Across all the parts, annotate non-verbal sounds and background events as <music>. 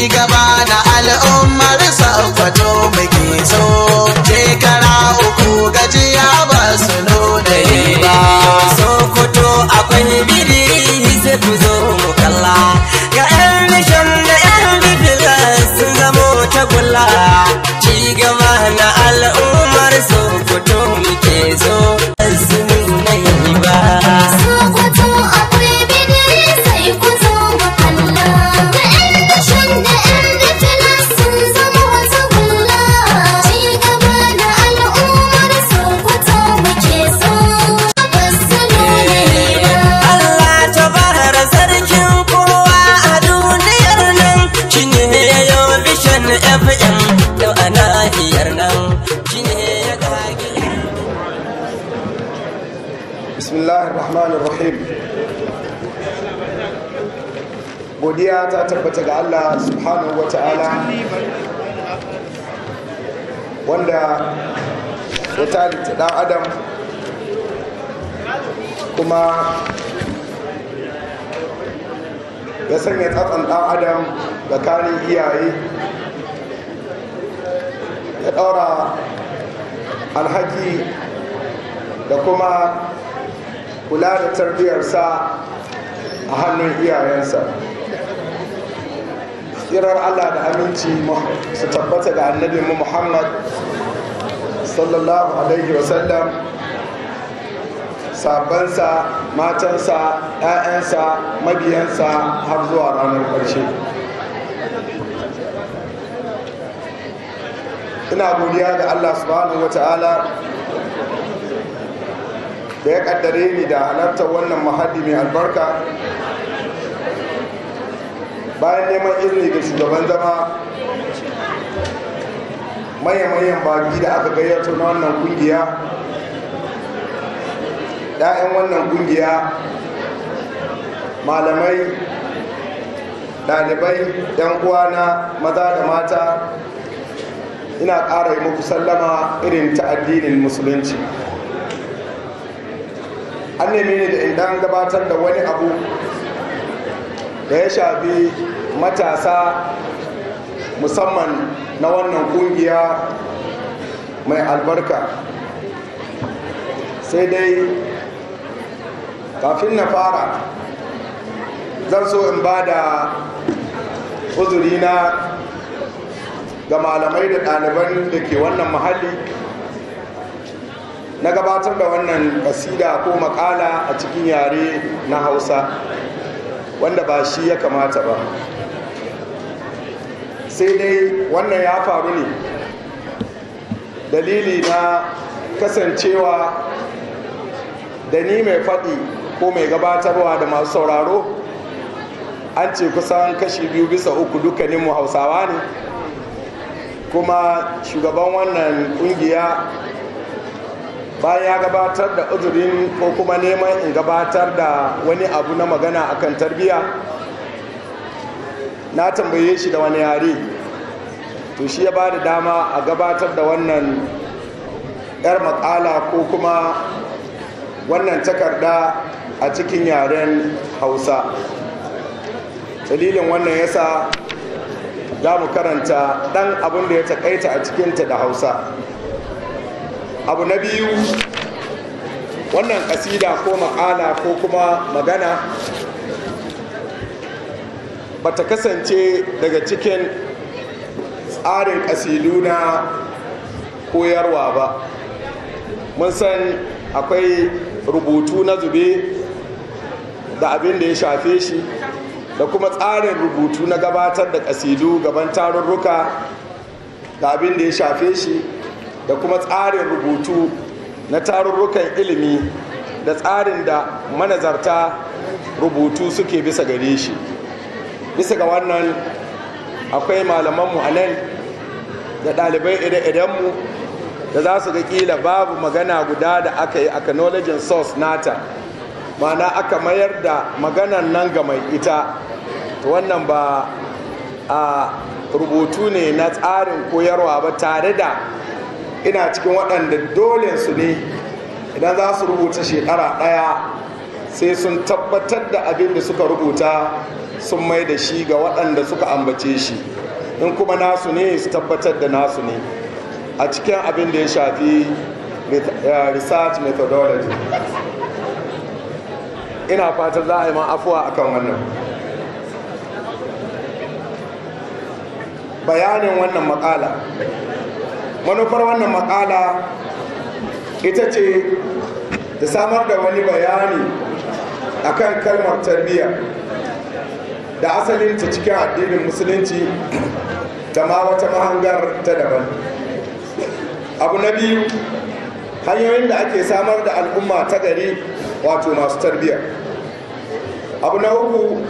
ci gaba da al'ummar sakwato muke so shekara uku gajiya ba su nuna yi ba sokoto akwai biri hizbu godiya ta tabbata ga Allah subhanahu wa ta'ala wanda ya talita dan adam kuma ya sanya tsatsan dan adam kanin iyaye ya daura alhaki da kuma kula da tarbiyarsa a hannun iyayensa kirar Allah da aminci su tabbata ga annabin mu Muhammad sallallahu alaihi wasallam sabansa matansa ‘ya'yansa mabiyansa har zuwa ranar ƙarshe ina godiya da Allah subhanahu wata'ala da ya ƙaddare ni da halartar wannan mahadi mai albarka bayan neman izini ga shugaban zama manya manyan baki da aka gayyato na wannan kungiya ɗayan wannan kungiya malamai ɗalibai ɗan uwana maza da mata ina ƙara yi muku sallama irin ta addinin musulunci an nemi ne da in ɗan gabatar da wani abu da ya shafi matasa musamman na wannan kungiya mai albarka sai dai kafin na fara zan so in ba da uzurina ga malamai da ɗaliban da ke wannan mahalli na gabatar da wannan kasida ko makala a cikin yare na hausa wanda ba shi ya kamata ba sai dai wannan ya faru ne dalili na kasancewa da ni mai faɗi ko mai gabatarwa da masu sauraro an ce kusan kashi biyu bisa uku mu hausawa ne kuma shugaban wannan kungiya bayan ya gabatar da uzurin ko kuma neman in gabatar da wani abu na magana akan tarbiyya na tambaye shi da wani yare to shi ya bada dama a gabatar da wannan 'yar makala ko kuma wannan takarda a cikin yaren hausa dalilin wannan yasa za mu karanta ɗan abin da ya takaita a cikinta da hausa abu na biyu wannan ƙasida ko makala ko kuma magana ba ta kasance daga cikin tsarin ƙasidu na koyarwa ba mun san akwai rubutu na zube da abin da ya shafe shi da kuma tsarin rubutu na gabatar da ƙasidu gaban tarurruka da abin da ya shafe shi da kuma tsarin rubutu na tarurrukan ilimi da tsarin da manazarta rubutu suke bisa gare shi bisa ga wannan akwai malamanmu a nan da ɗalibai ire-irenmu da za su ga ƙila babu magana guda da aka yi acknowledging source nata mana aka mayar da maganan nan ga mai ita wannan ba a rubutu ne na tsarin koyarwa ba tare da ina cikin waɗanda dole su ne idan za su rubuta shekara ɗaya sai sun tabbatar da abin da suka rubuta sun mai da shi ga waɗanda suka ambace shi in kuma nasu ne su tabbatar da nasu ne a cikin abin da ya shafi research methodology ina fatan za a yi afuwa akan wannan bayanin wannan makala manufar wannan makala ita ce ta samar da wani bayani akan kalmar tarbiyya da asalin ta cikin addinin musulunci da ma wata mahangar ta daban abu na biyu hanyoyin da ake samar da al'umma ta gari wato masu tarbiyya abu na uku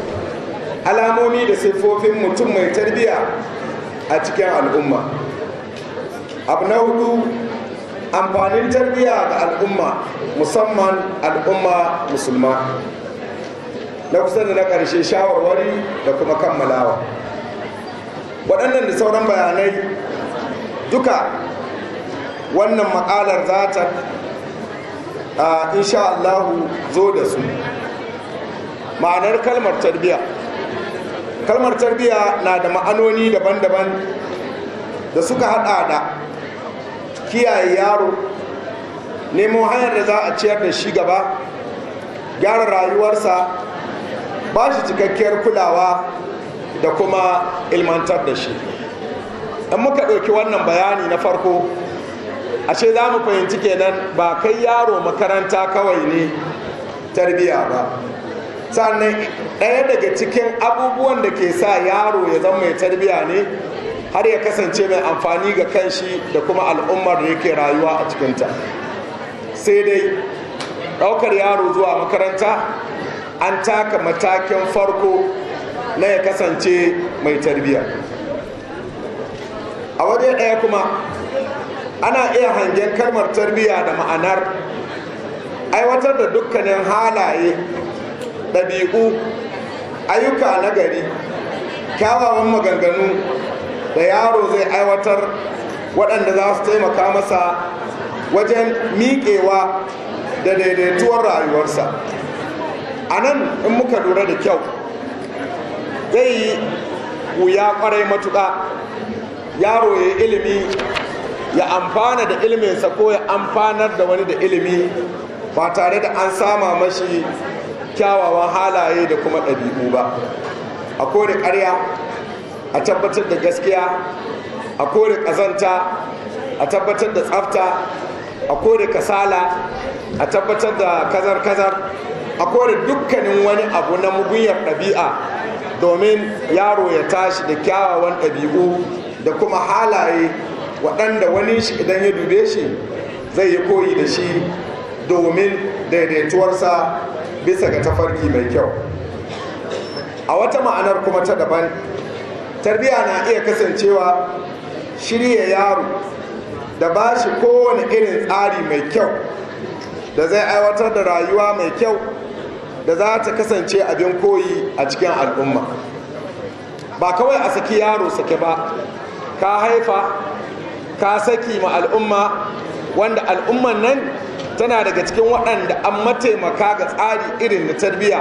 alamomi da siffofin mutum mai tarbiyya a cikin al'umma abu na hudu amfanin tarbiyya ga al'umma musamman al'umma musulma na kusa da na ƙarshe shawarwari da kuma kammalawa waɗannan da sauran bayanai duka wannan makalar za ta insha Allahu zo da su ma'anar kalmar tarbiya kalmar tarbiya na da ma'anoni daban-daban da suka hada da kiyaye yaro nemo hanyar da za a ciyar da shi gaba gyara rayuwarsa ba shi cikakkiyar kulawa da kuma ilmantar da shi in muka ɗauki wannan bayani na farko ashe za mu fahimci kenan ba kai yaro makaranta kawai ne tarbiyya ba sannan ɗaya daga cikin abubuwan da ke sa yaro ya zama mai tarbiya ne har ya kasance mai amfani ga kanshi da kuma al'ummar da yake rayuwa a cikinta sai dai ɗaukar yaro zuwa makaranta an taka matakin farko na ya kasance mai tarbiyya a waje ɗaya kuma ana iya hangen kalmar tarbiyya da ma'anar aiwatar da dukkanin halaye ɗabi'u ayyuka na gari kyawawan maganganu da yaro zai aiwatar waɗanda za su taimaka masa wajen miƙewa da daidaituwar rayuwarsa a nan in muka lura da kyau zai yi wuya kwarai matuƙa yaro ya ilimi ya amfana da ilminsa, ko ya amfanar da wani da ilimi ba tare da an sama mashi kyawawan halaye da kuma ɗabi'u ba a kore ƙarya a tabbatar da gaskiya a kore ƙazanta a tabbatar da tsafta a kore kasala a tabbatar da kazar-kazar a kori duk dukkanin wani abu na mugunyar ɗabi'a domin yaro ya tashi da kyawawan ɗabi'u da kuma halaye waɗanda wani shi idan ya dube shi zai yi koyi da shi domin daidaituwarsa bisa ga tafarki mai kyau a wata ma'anar kuma ta daban tarbiyya na iya kasancewa shirya yaro da ba shi kowane irin tsari mai kyau da zai aiwatar da rayuwa mai kyau da za ta kasance abin koyi a cikin al'umma ba kawai a saki yaro sake ba ka haifa ka saki ma al'umma wanda al'umman nan tana daga cikin waɗanda an mataimaka ga tsari irin na tarbiyya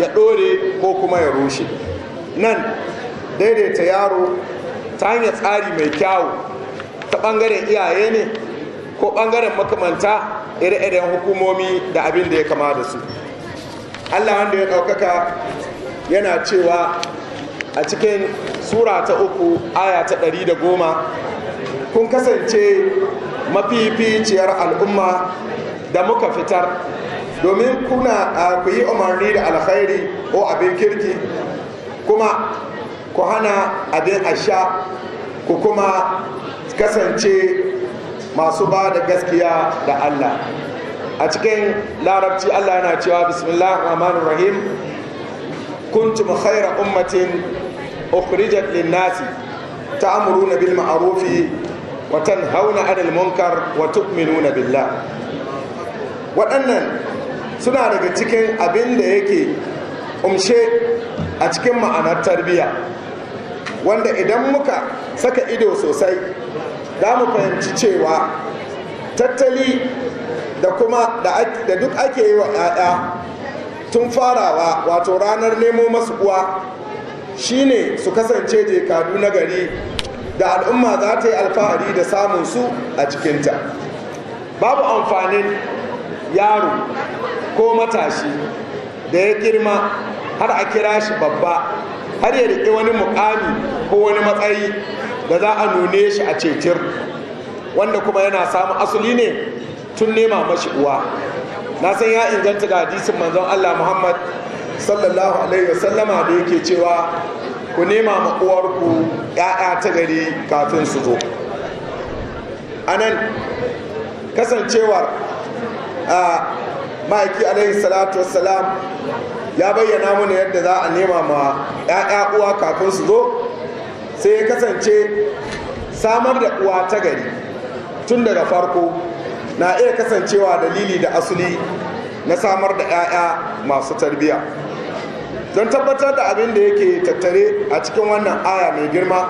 ya ɗore ko kuma ya rushe nan daidaita yaro ta hanyar tsari mai kyawu ta ɓangaren iyaye ne ko ɓangaren makamanta ire-iren hukumomi da abin da ya kama da su Allah wanda ya ɗaukaka yana cewa a cikin sura ta uku aya ta ɗari da goma kun kasance mafificiyar al'umma da muka fitar domin kuna ku yi umarni da alkhairi ko abin kirki kuma ku hana abin asha ku kuma kasance masu ba da gaskiya da Allah a cikin larabci Allah yana cewa bismillah rahmanir rahim kuntum khaira ummatin ukhrijat lin-nasi ta'muruna bil ma'ruf wa tanhauna 'anil munkar wa tu'minuna billah waɗannan suna daga cikin abin da yake umshe a cikin ma'anar tarbiyya wanda idan muka saka ido sosai za mu fahimci cewa tattali da kuma da duk ake yi wa 'ya'ya tun farawa wato ranar nemo masu uwa ne su kasance jekadu na gari da al'umma za ta yi alfahari da samun su a cikinta babu amfanin yaro ko matashi da ya girma har a kira shi babba har ya riƙe wani mukami ko wani matsayi da za a nune shi a cetir wanda kuma yana samun asali ne tun nema mashi uwa na san ya inganta ga hadisin manzon Allah Muhammad sallallahu alaihi wasallama da yake cewa ku nema ma uwarku ‘ya'ya ta gari kafin su zo anan kasancewar a ma'aiki alaihi salatu wassalam ya bayyana mana yadda za a nema ma ‘ya'ya uwa kafin su zo sai ya kasance samar da uwa ta gari tun daga farko na iya kasancewa dalili da asali na samar da 'ya'ya masu tarbiyya don tabbatar da abin da yake tattare a cikin wannan aya mai girma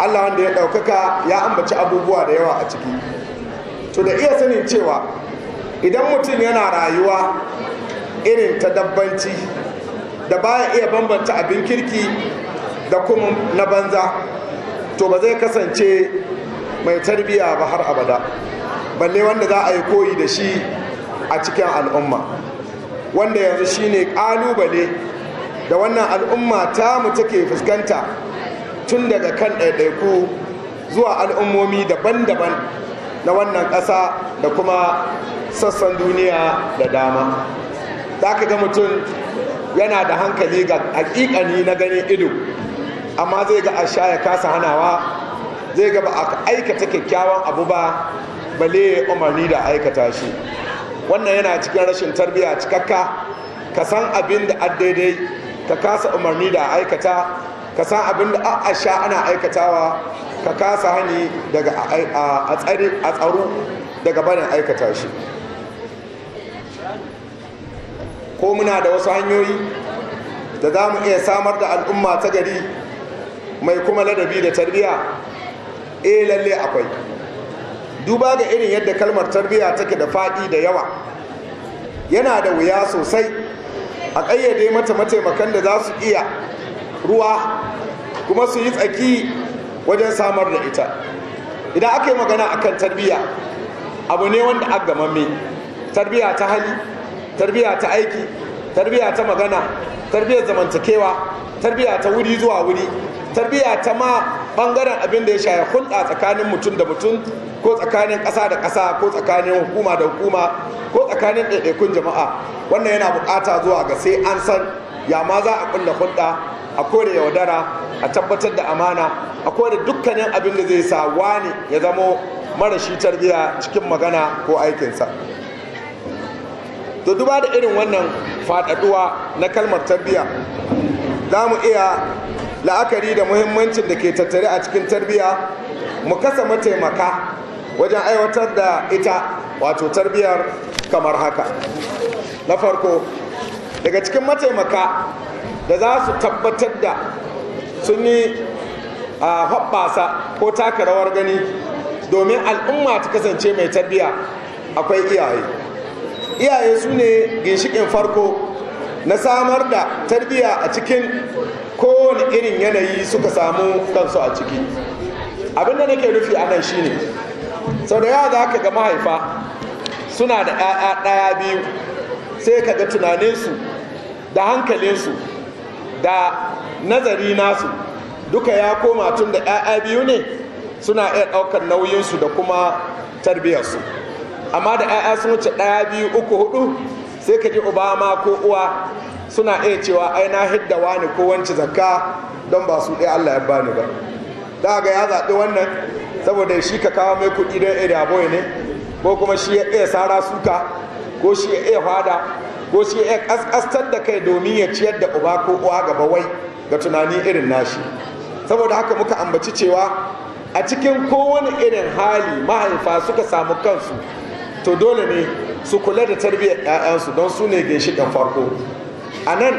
allah wanda ya ɗaukaka ya ambaci abubuwa da yawa a ciki to da iya sanin cewa idan mutum yana rayuwa irin ta dabbanci da baya iya bambanta abin kirki da kuma na banza to ba zai kasance mai tarbiya ba har abada balle wanda za a yi koyi da shi a cikin al'umma wanda yanzu shine ƙalubale da wannan al'umma ta mu take fuskanta tun daga kan ɗaiɗaiku zuwa al'ummomi daban-daban na wannan ƙasa da kuma sassan duniya da dama za ka ga mutum yana da hankali ga hakikani na ganin ido amma zai ga a sha ya kasa hanawa zai ga ba a aikata kyakkyawan abu ba bale umarni da aikata shi wannan yana cikin rashin tarbiya cikakka ka san abin da a ka kasa umarni da aikata ka san abin da a sha ana aikatawa ka kasa hani daga a tsaro daga barin aikata shi ko muna da wasu hanyoyi da za mu iya samar da al'umma ta gari mai kuma ladabi da tarbiyya eh lalle akwai duba ga irin yadda kalmar tarbiyya take da faɗi da yawa yana da wuya sosai a ƙayyade mata mataimakan da za su iya ruwa kuma su yi tsaki wajen samar da ita idan aka yi magana akan tarbiyya abu ne wanda agamamme tarbiyya ta hali tarbiyya ta aiki tarbiya ta magana tarbiya zamantakewa tarbiya ta wuri zuwa wuri tarbiya ta ma bangaren abin da ya shaya hulɗa tsakanin mutum da mutum ko tsakanin ƙasa da ƙasa ko tsakanin hukuma da hukuma ko tsakanin ɗaiɗaikun jama'a wannan yana buƙata zuwa ga sai an san ya ma za a ƙulla hulɗa a kore yaudara a tabbatar da amana a kore dukkanin abin da zai sa wani ya zamo marashi tarbiya cikin magana ko aikinsa to duba da irin wannan faɗaɗuwa na kalmar tarbiyya za mu iya la'akari da muhimmancin da ke tattare a cikin tarbiyya mu kasa mataimaka wajen aiwatar da ita wato tarbiyyar kamar haka na farko daga cikin mataimaka da za su tabbatar da sun yi a haɓasa ko taka rawar gani domin al'umma ta kasance mai tarbiyya akwai iyaye iyaye su ne ginshikin farko na samar da tarbiyya a cikin kowane irin yanayi suka samu kansu a ciki abinda nake nufi a nan shine sau da yawa za ka ga mahaifa suna da 'ya'ya ɗaya biyu sai ka ga tunaninsu da hankalinsu da nazari nasu duka ya koma tun da 'ya'ya biyu ne suna iya ɗaukar nauyinsu da kuma tarbiyyarsu amma da 'ya'ya sun wuce ɗaya biyu uku hudu sai ka ji obama ko uwa suna iya cewa ai na hidda wani ko wanci zakka don ba su ɗaya allah ya bani ba da ga ya zaɓi wannan saboda shi ka kawo mai kuɗi don iya boy ne ko kuma shi ya iya sara suka ko shi ya iya fada ko shi ya iya ƙasƙastar da kai domin ya ciyar da uba ko uwa gaba wai ga tunani irin nashi saboda haka muka ambaci cewa a cikin kowane irin hali mahaifa suka samu kansu to dole ne su kula da tarbiyyar 'ya'yansu don su ne ginshiƙin farko a nan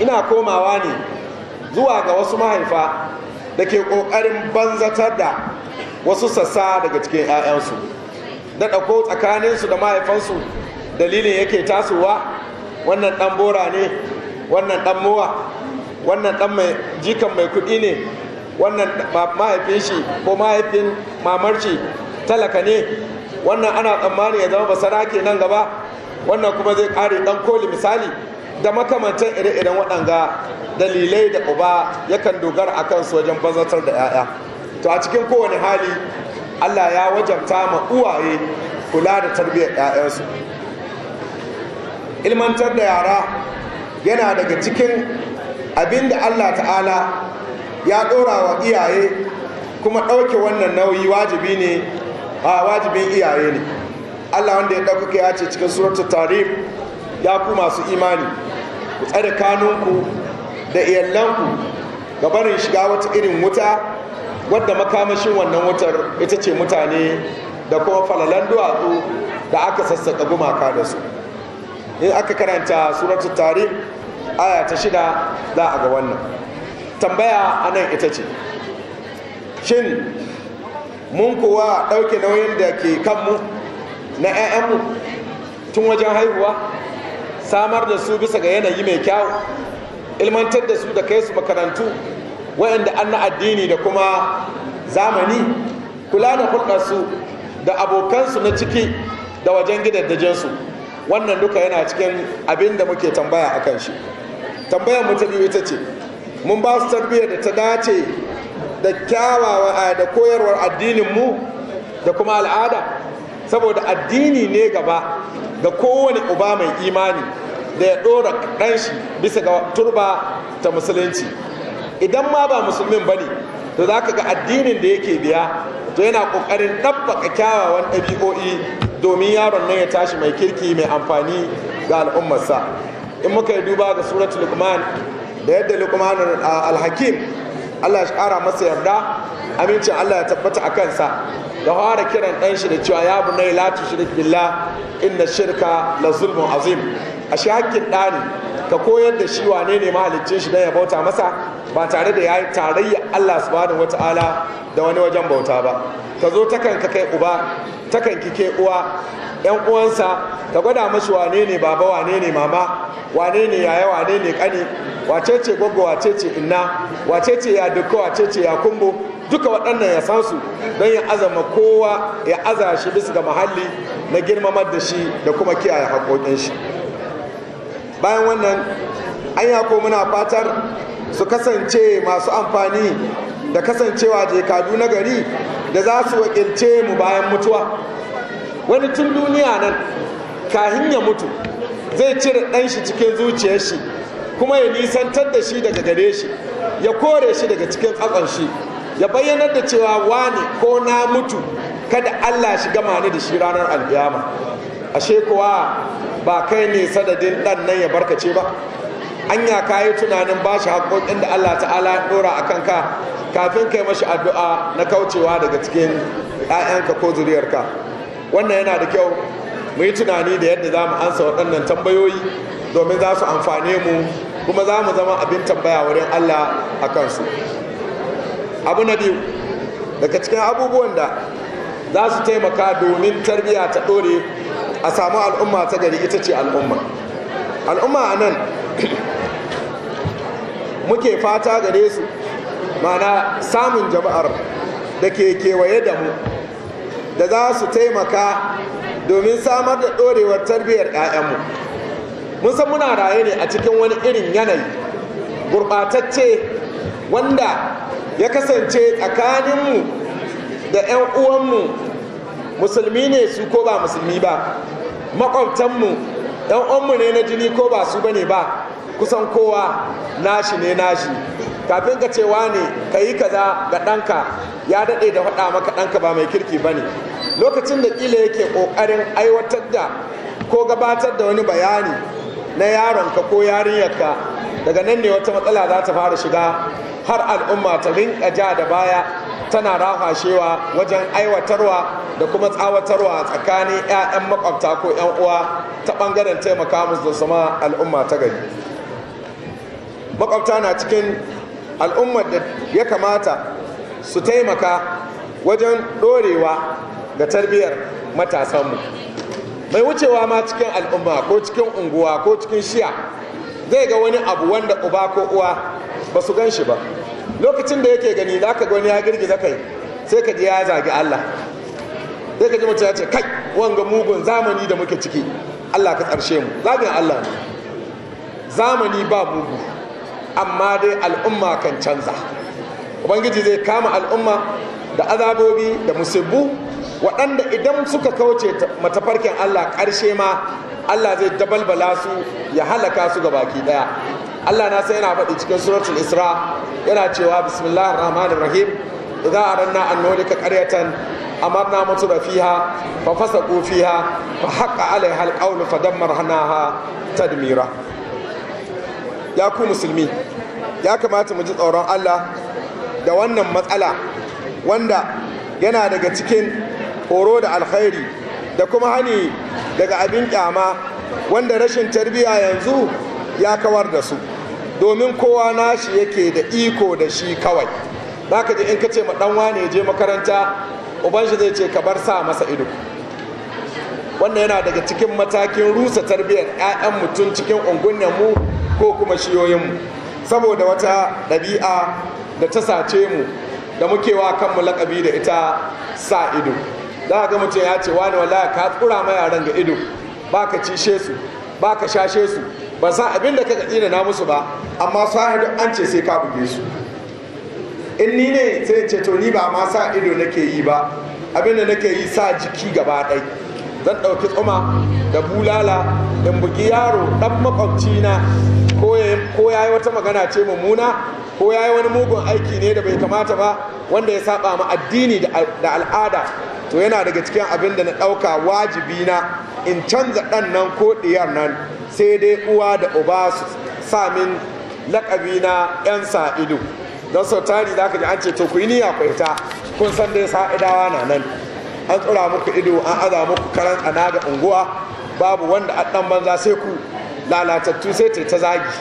ina komawa ne zuwa ga wasu mahaifa da ke ƙoƙarin banzatar da wasu sassa daga cikin 'ya'yansu da ɗauko tsakaninsu da mahaifansu dalilin yake tasowa wannan ɗan bora ne wannan ɗan mowa wannan ɗan mai jikan mai kuɗi ne wannan mahaifin shi ko mahaifin mamarci talaka ne wannan ana tsammani ya zama basara ke nan gaba wannan kuma zai kare dan koli misali da makamantar ire-iren waɗanga dalilai da uba yakan dogara a kansu wajen bazatar da 'ya'ya to a cikin kowane hali allah ya wajabta ma uwaye kula da tarbiyyar 'ya'yansu ilmantar da yara yana daga cikin abin da allah ta'ala ya ɗora wa iyaye kuma ɗauke wannan nauyi wajibi ne a wajibin iyaye ne Allah wanda ya ɗaukaka ya ce cikin suratu tarif ya ku masu imani ku tsada kanunku da iyalanku ga barin shiga wata irin wuta wadda makamashin wannan wutar ita ce mutane da kuma falalan duwatsu da aka sassaka gumaka da su in aka karanta suratu tarif aya ta shida za a ga wannan tambaya anan ita ce shin mun kuwa ɗauke nauyin da ke kanmu na 'ya'yanmu tun wajen haihuwa samar da su bisa ga yanayi mai kyau, ilmantar da su da kai su makarantu wayanda an na addini da kuma zamani kula da hulɗarsu da abokansu na ciki da wajen gidaddajensu wannan duka yana cikin abin da muke tambaya a kan shi tambayar mu ta biyu ita ce mun ba su tarbiyyar da ta dace da kyawawa da koyarwar addininmu da kuma al'ada saboda addini ne gaba ga kowane uba mai imani da ya ɗora ɗanshi bisa ga turba ta musulunci idan ma ba musulmin ba ne to za ka ga addinin da yake biya to yana ƙoƙarin ɗabbaka kyawawan ɗabi'o'i domin yaron nan ya tashi mai kirki mai amfani ga al'ummarsa in muka yi duba ga suratul lukman da yadda lukman ah, Alhakim. Allah ya kara masa yarda amincin Allah ya tabbata a kansa da fara kiran ɗan shi da cewa ya bunai la tushrik billah inna shirka la zulmun azim ashe hakkin ɗani ka koyar da shi wane ne shi don ya bauta masa ba tare da ya yi tarayya Allah subhanahu wata'ala da wani wajen bauta ba ka zo takan ka kai uba takan ki ke uwa yan uwansa ka gwada mashi wane ne baba wane ne mama wane ne yaya wane ne kani wace ce gwaggo wace ce inna wace ce ya duka, wace ce ya kumbo duka waɗannan ya san su don ya azama kowa ya aza shi bisa ga mahalli na girmamar da shi da kuma kiyaye haƙoƙin shi bayan wannan an ko muna fatar su kasance masu amfani da kasancewa jekadu na gari da za su wakilce mu bayan mutuwa wani tun duniya nan kahin ya mutu zai cire ɗanshi shi cikin zuciyar shi kuma ya nisantar da shi daga gare shi ya kore shi daga cikin tsatson shi ya bayyanar da cewa ne ko na mutu kada allah shi gama ni da shi ranar alkiyama ashe kuwa ba kai ne sadadin ɗan nan ya barkace ba anya ka yi tunanin ba shi haƙoƙin da allah ta'ala ya ɗora akan ka kafin kai mashi addu'a na kaucewa daga cikin 'ya'yanka ko zuriyarka wannan yana da kyau mu yi tunani da yadda za mu ansa waɗannan tambayoyi domin za su amfane mu kuma za mu zama abin tambaya wurin allah a kansu abu na biyu daga cikin abubuwan da za su taimaka domin tarbiyya ta ɗore a samu al'umma ta gari ita ce al'umma al'umma a nan <clears throat> muke fata gare su mana samun jama'ar da ke kewaye da mu da za su taimaka domin samar da ɗorewar tarbiyyar 'ya'yanmu mun san muna raye ne a cikin wani irin yanayi gurɓatacce wanda ya kasance tsakaninmu da 'yan uwanmu musulmi ne su ko ba musulmi ba makwabtanmu ɗan uwanmu ne na jini ko ba su bane ba kusan kowa nashi ne nashi kafin ka cewa ne ka yi kaza ga ɗanka ya daɗe da faɗa maka ɗanka ba mai kirki ba ne lokacin da ƙila yake ƙoƙarin aiwatar da ko gabatar da wani bayani na yaronka ko yarinyarka daga nan ne wata matsala za ta fara shiga har al'umma ta rinka ja da baya tana rahashewa wajen aiwatarwa da kuma tsawatarwa tsakanin 'ya'yan makwabta ko 'yan uwa ta bangaren taimaka musu da sama al'umma ta gari makwabta na cikin al'ummar da ya kamata su taimaka wajen dorewa ga tarbiyyar matasanmu mai wucewa ma cikin al'umma ko cikin unguwa ko cikin shiya zai ga wani abu wanda uba ko uwa ba su gan shi ba lokacin da yake gani za ka wani ya girgiza kai sai ka ji ya zagi Allah sai ka ji mutum ya ce kai wanga mugun zamani da muke ciki Allah ka tsarshe mu zagin Allah ne zamani ba mugu amma dai al'umma kan canza ubangiji zai kama al'umma da azabobi da musibu waɗanda idan suka kauce matafarkin Allah ƙarshe ma Allah zai dabalbala su ya halaka su ga baki ɗaya Allah na sai yana faɗi cikin suratul Isra yana cewa bismillahir rahmanir rahim idza aranna an nulika qaryatan amarna mutra fiha fa fasaqu fiha fa haqa alaiha alqawlu fa dammarnaha tadmira ya ku musulmi ya kamata mu ji tsoron Allah da wannan matsala wanda yana daga cikin horo da alkhairi da kuma hani daga abin kyama wanda rashin tarbiyya yanzu ya kawar da su domin kowa nashi yake da iko da shi kawai za ka in ka ce ma ɗan wane je makaranta ubanshi zai ce ka bar sa masa ido wannan yana daga cikin matakin rusa tarbiyyar 'ya'yan mutum cikin mu ko kuma shiyoyinmu saboda wata ɗabi'a da ta sace mu da muke wa kanmu lakabi da ita sa ido za ga mutum ya ce wani wala ka tsura ma yaran ga ido ba ka cishe su ba ka shashe su ban san abin da ka tsina na musu ba amma su haidu an ce sai ka buge su in ni ne sai ce to ni ba ma sa ido nake yi ba abin da nake yi sa jiki gaba ɗai zan ɗauki tsuma da bulala in bugi yaro ɗan makwabci na ko ya yi wata magana ce mummuna ko ya yi wani mugun aiki ne da bai kamata ba wanda ya saba mu addini da al'ada to yana daga cikin abin da na ɗauka wajibi na in canza ɗan nan ko ɗiyar nan sai dai uwa da uba su samin lakabi na 'yan sa'idu don sau tari za ka ji an ce to ku yi niyya ku ita kun san dai sa'idawa na nan an tsura muku ido an aza muku karan tsana ga unguwa babu wanda a ɗan banza sai ku lalatattu sai ta ta zagi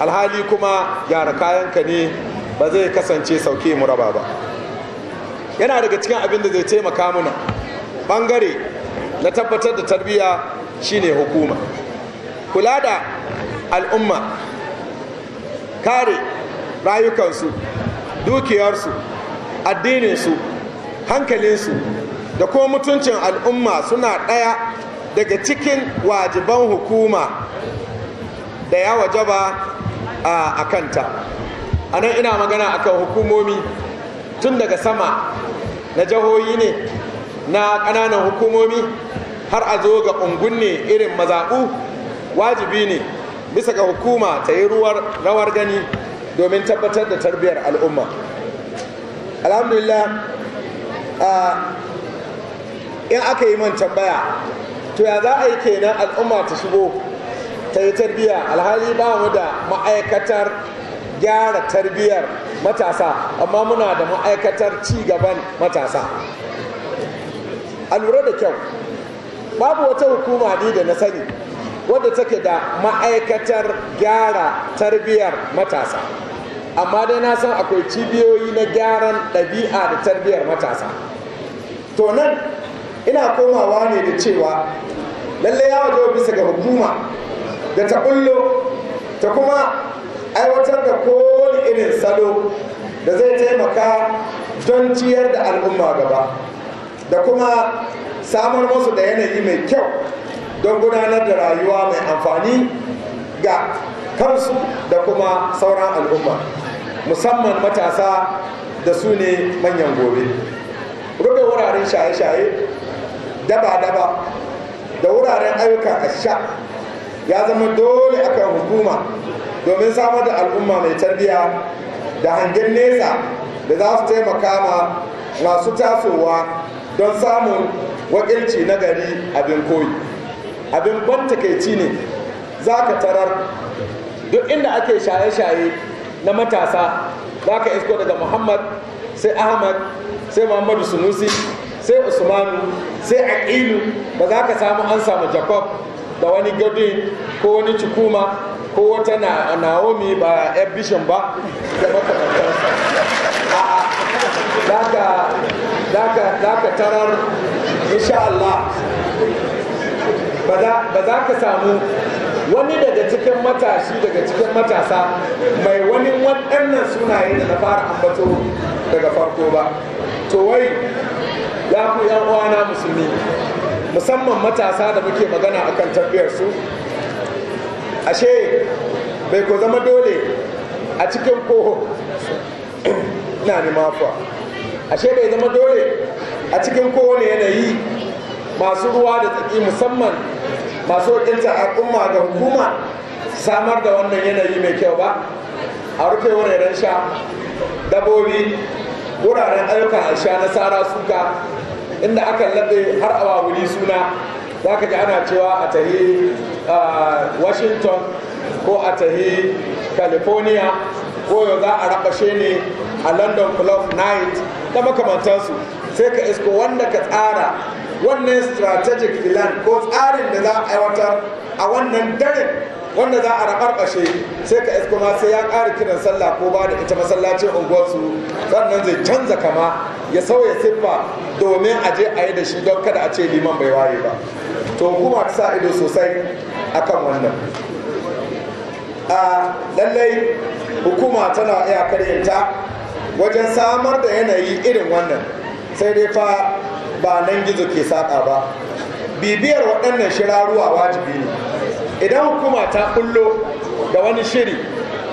alhali kuma gyara kayan ka ne ba zai kasance sauke mu raba ba yana daga cikin abin da zai taimaka mana bangare na tabbatar da tarbiyya shine hukuma kula da al'umma kare rayukansu dukiyarsu addininsu hankalinsu da ko mutuncin al'umma suna ɗaya daga cikin wajiban hukuma da ya waje ba a kanta a nan ina magana akan hukumomi tun daga sama na jihohi ne na ƙananan hukumomi har a zo ga ungunne irin mazaɓu wajibi ne bisa ga hukuma ta yi rawar gani domin tabbatar da tarbiyar al'umma alhamdulillah in aka yi man tambaya to ya za a yi kenan al'umma ta shigo ta yi tarbiyya alhali ba mu da ma'aikatar gyara tarbiyar matasa amma muna da ma'aikatar ci gaban matasa a lura da kyau babu wata hukuma ne da na sani wadda take da ma'aikatar gyara tarbiyyar matasa amma dai na san akwai cibiyoyi na gyaran ɗabi'a da tarbiyyar matasa to nan ina komawa ne da cewa lallai ya wajen bisa ga hukuma da ta kullo ta kuma aiwatar da kowane irin salo da zai taimaka don ciyar da al'umma gaba da kuma samar musu da yanayi mai kyau don gudanar da rayuwa mai amfani ga kansu da kuma sauran al'umma musamman matasa da su ne manyan gobe rufe wuraren shaye-shaye daba-daba da wuraren ayyuka a sha, ya zama dole a kan hukuma domin samar da al'umma mai tarbiyya da hangen nesa da za su taimaka ma masu tasowa don samun wakilci nagari gari abin koyi abin ban takaici ne za ka tarar duk inda ake shaye-shaye na matasa za ka isko daga muhammad sai ahmad sai muhammadu sunusi sai usmanu sai aqilu ba za ka samu an samu jacob da wani gadi ko wani cikuma ko wata naomi ba ya bishin ba da makamantarsa za ka tarar insha Allah ba za ka samu wani daga cikin matashi daga cikin matasa mai wani waɗannan sunaye da na fara ambato daga farko ba to wai ya ku yan uwana musulmi musamman matasa da muke magana akan tafiyar su ashe bai ko zama dole a cikin koho na nima fa? ashe bai zama dole a cikin kowane yanayi masu ruwa da tsaki musamman masu wakiltar al'umma da hukuma samar da wannan yanayi mai kyau ba a rufe wuraren sha dabobi wuraren ayyukan sha na sara suka inda aka laɓe har awa wuri suna za ka ji ana cewa a tahi washington ko a tahi california ko yau za a rabashe ne a london club night da makamantansu sai ka isko wanda ka tsara wannan strategic plan ko tsarin da za a aiwatar a wannan dare, wanda za a rabarbashe sai ka isko ma sai ya ƙara kiran sallah ko ba da ita masallacin unguwarsu sannan zai canza kama ya sauya siffa domin a je a yi da shi don kada a ce liman bai waye ba to kuma ta sa ido sosai akan wannan a lallai hukuma tana iya karyanta wajen samar da yanayi irin wannan sai dai fa ba nan gizo ke saƙa ba bibiyar waɗannan shiraruwa wajibi ne idan hukuma ta kullo da wani shiri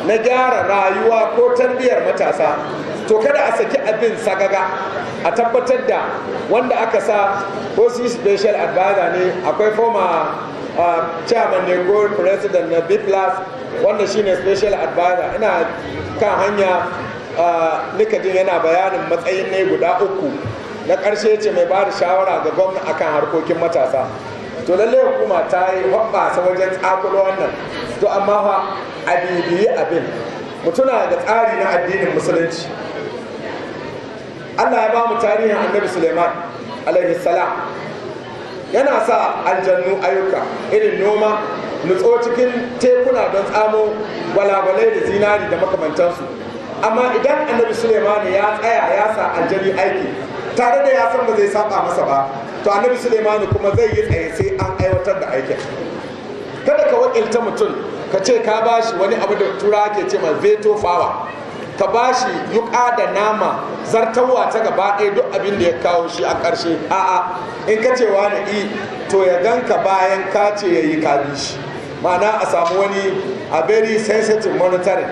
na gyara rayuwa ko tarbiyyar matasa to kada a saki abin sagaga a tabbatar da wanda aka sa ko su special advisor ne akwai former uh, chairman ne ko president na biplas wanda shine special advisor ina kan hanya uh, nikadin yana bayanin matsayin ne guda uku na ƙarshe ce mai ba da shawara ga gwamna akan harkokin matasa to lalle hukuma ta yi hoɓɓasa wajen tsakulo wannan to amma fa a bibiyi abin mutuna da tsari na addinin musulunci allah ya ba mu tarihin annabi suleiman alaihi salam yana sa aljannu ayyuka irin noma nutso cikin tekuna don tsamo gwalagwalai da zinari da makamantansu amma idan annabi suleiman ya tsaya ya sa aljani aiki tare da ya san ba zai saba masa ba to annabi sulaimanu kuma zai yi tsaye sai an aiwatar da aikin kada ka wakilta mutum ka ce ka bashi wani abu da tura ke ce ma veto fawa ka ba shi yuka da nama zartarwa ta gaba ɗaya duk abin da ya kawo shi a ƙarshe a'a in ka ce wani i to ya ganka bayan ka ce ya yi ka bi shi ma'ana a samu wani a very sensitive monitoring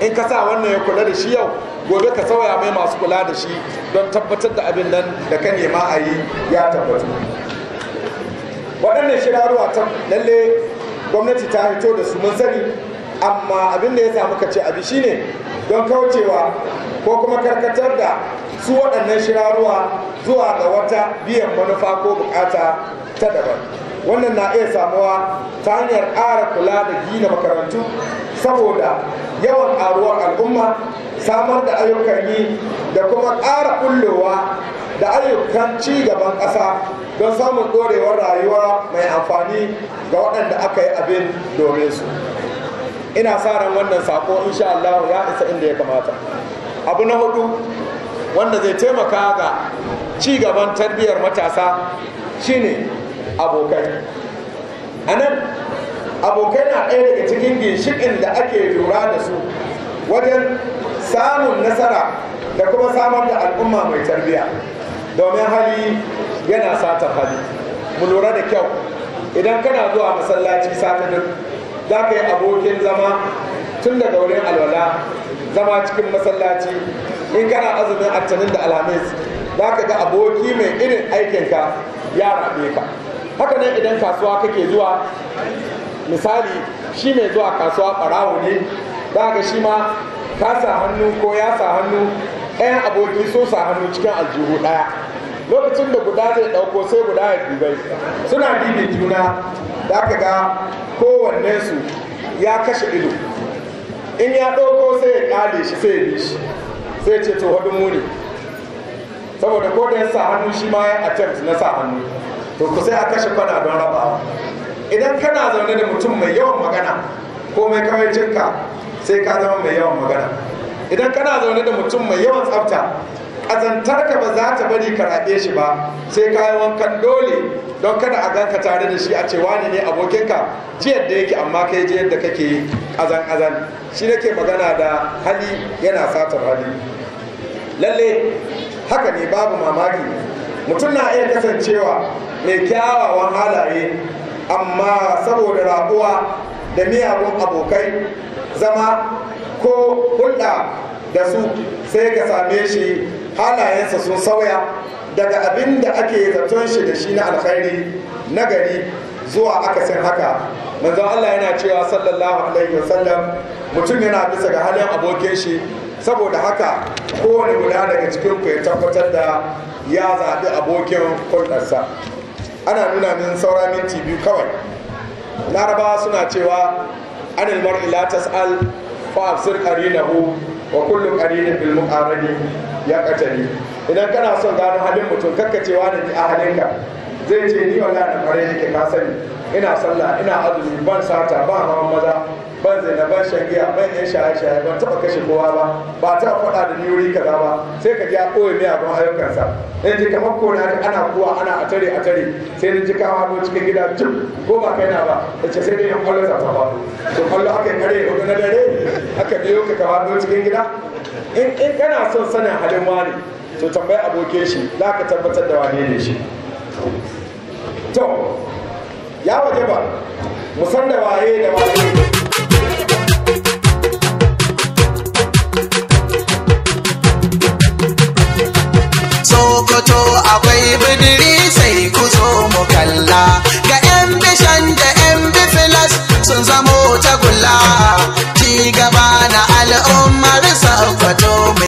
in ka sa wannan ya kula da shi yau gobe ka sauya mai masu kula da shi don tabbatar da abin nan da ka nema a yi ya tabbatu waɗannan shirarwa ta lalle gwamnati ta hito da su mun sani amma abin da ya samu ka ce abi shine don kaucewa ko kuma karkatar da su waɗannan shirarwa zuwa ga wata biyan manufa ko bukata ta daban wannan na iya samuwa ta hanyar ƙara kula da gina makarantu saboda yawan ƙaruwar al'umma samar da ayyukan yi da kuma ƙara kullewa da ayyukan ci gaban ƙasa don samun ɗorewar rayuwa mai amfani ga waɗanda aka yi abin domin su ina sa ran wannan sako insha Allah ya isa inda ya kamata abu na hudu wanda zai taimaka ga ci gaban tarbiyyar matasa shine abokai a nan abokai na ɗaya daga cikin ginshikin da ake lura da su wajen samun nasara da kuma samar da al'umma mai tarbiyya domin hali yana sata hali mu lura da kyau idan kana zuwa masallaci satinin za ka yi abokin zama tun da wurin alwala zama cikin masallaci in kana azumin attanin da alhamis za ka ga aboki mai irin aikinka ya rabe ka haka nan idan kasuwa kake zuwa misali shi mai zuwa kasuwa ɓarawo ne za ka shi ma ka sa hannu ko ya sa hannu ɗayan aboki sun sa hannu cikin aljihu ɗaya lokacin da guda zai ɗauko sai guda ya dubai suna dibi juna da aka ga kowanne su ya kashe ido in ya ɗauko sai ya ƙale shi sai ya bi shi sai ce to wadin muni saboda ko da ya sa hannu shi ma ya attempt na sa hannu to ku sai a kashe kwana don raba idan kana zaune da mutum mai yawan magana ko mai kawai sai ka zama mai yawan magana idan kana zaune da mutum mai yawan tsafta ƙazantarka ba za ta bari ka raɗe shi ba sai ka yi wankan dole don kada a ganka tare da shi a ce wani ne abokinka ji yadda yake amma kai ji yadda kake yi ƙazan shi nake magana da hali yana satar hali lalle haka ne babu mamaki mutum na iya kasancewa mai kyawawan halaye amma saboda rabuwa da miyagun abokai zama ko hulɗa da su sai ka same shi halayensa sun sauya daga abin da ake zaton shi da shi na alkhairi na gari zuwa akasin haka manzon Allah yana cewa sallallahu alaihi wasallam mutum yana bisa ga halin abokin shi saboda haka kowane guda daga cikin ku ya tabbatar da ya zaɓi abokin hulɗarsa ana nuna min saura minti biyu kawai larabawa suna cewa an almar'i la tas'al fa absir qarinahu wa kullu qarinin bil muqarrani ya qatali idan kana son gano halin mutum kakkacewa da ni a halinka zai ce ni wala na kware yake ka sani ina sallah ina azumi ban sata ba hawan maza ban zaina ban giya ban yan shaye-shaye ban taba kashe kowa ba ba ta faɗa da ni wuri kaza ba sai ka ya ɓoye miyagun ayyukansa in ji kamar na ana kuwa ana a tare a tare sai ni ji kawo ko cikin gida jim ko ba kai na ba da ce sai dai yan kwallo za ta to kwallo aka kare ko na dare aka biyo ka kawo cikin gida in kana son sanin halin wani to tambayi abokin shi za ka tabbatar da wane ne shi to ya waje ba musan da waye da waye sokoto akwai bidiri sai ku zo mu kalla ga yan bishan da yan bifilas sun zamo tagulla ci gaba na al'umma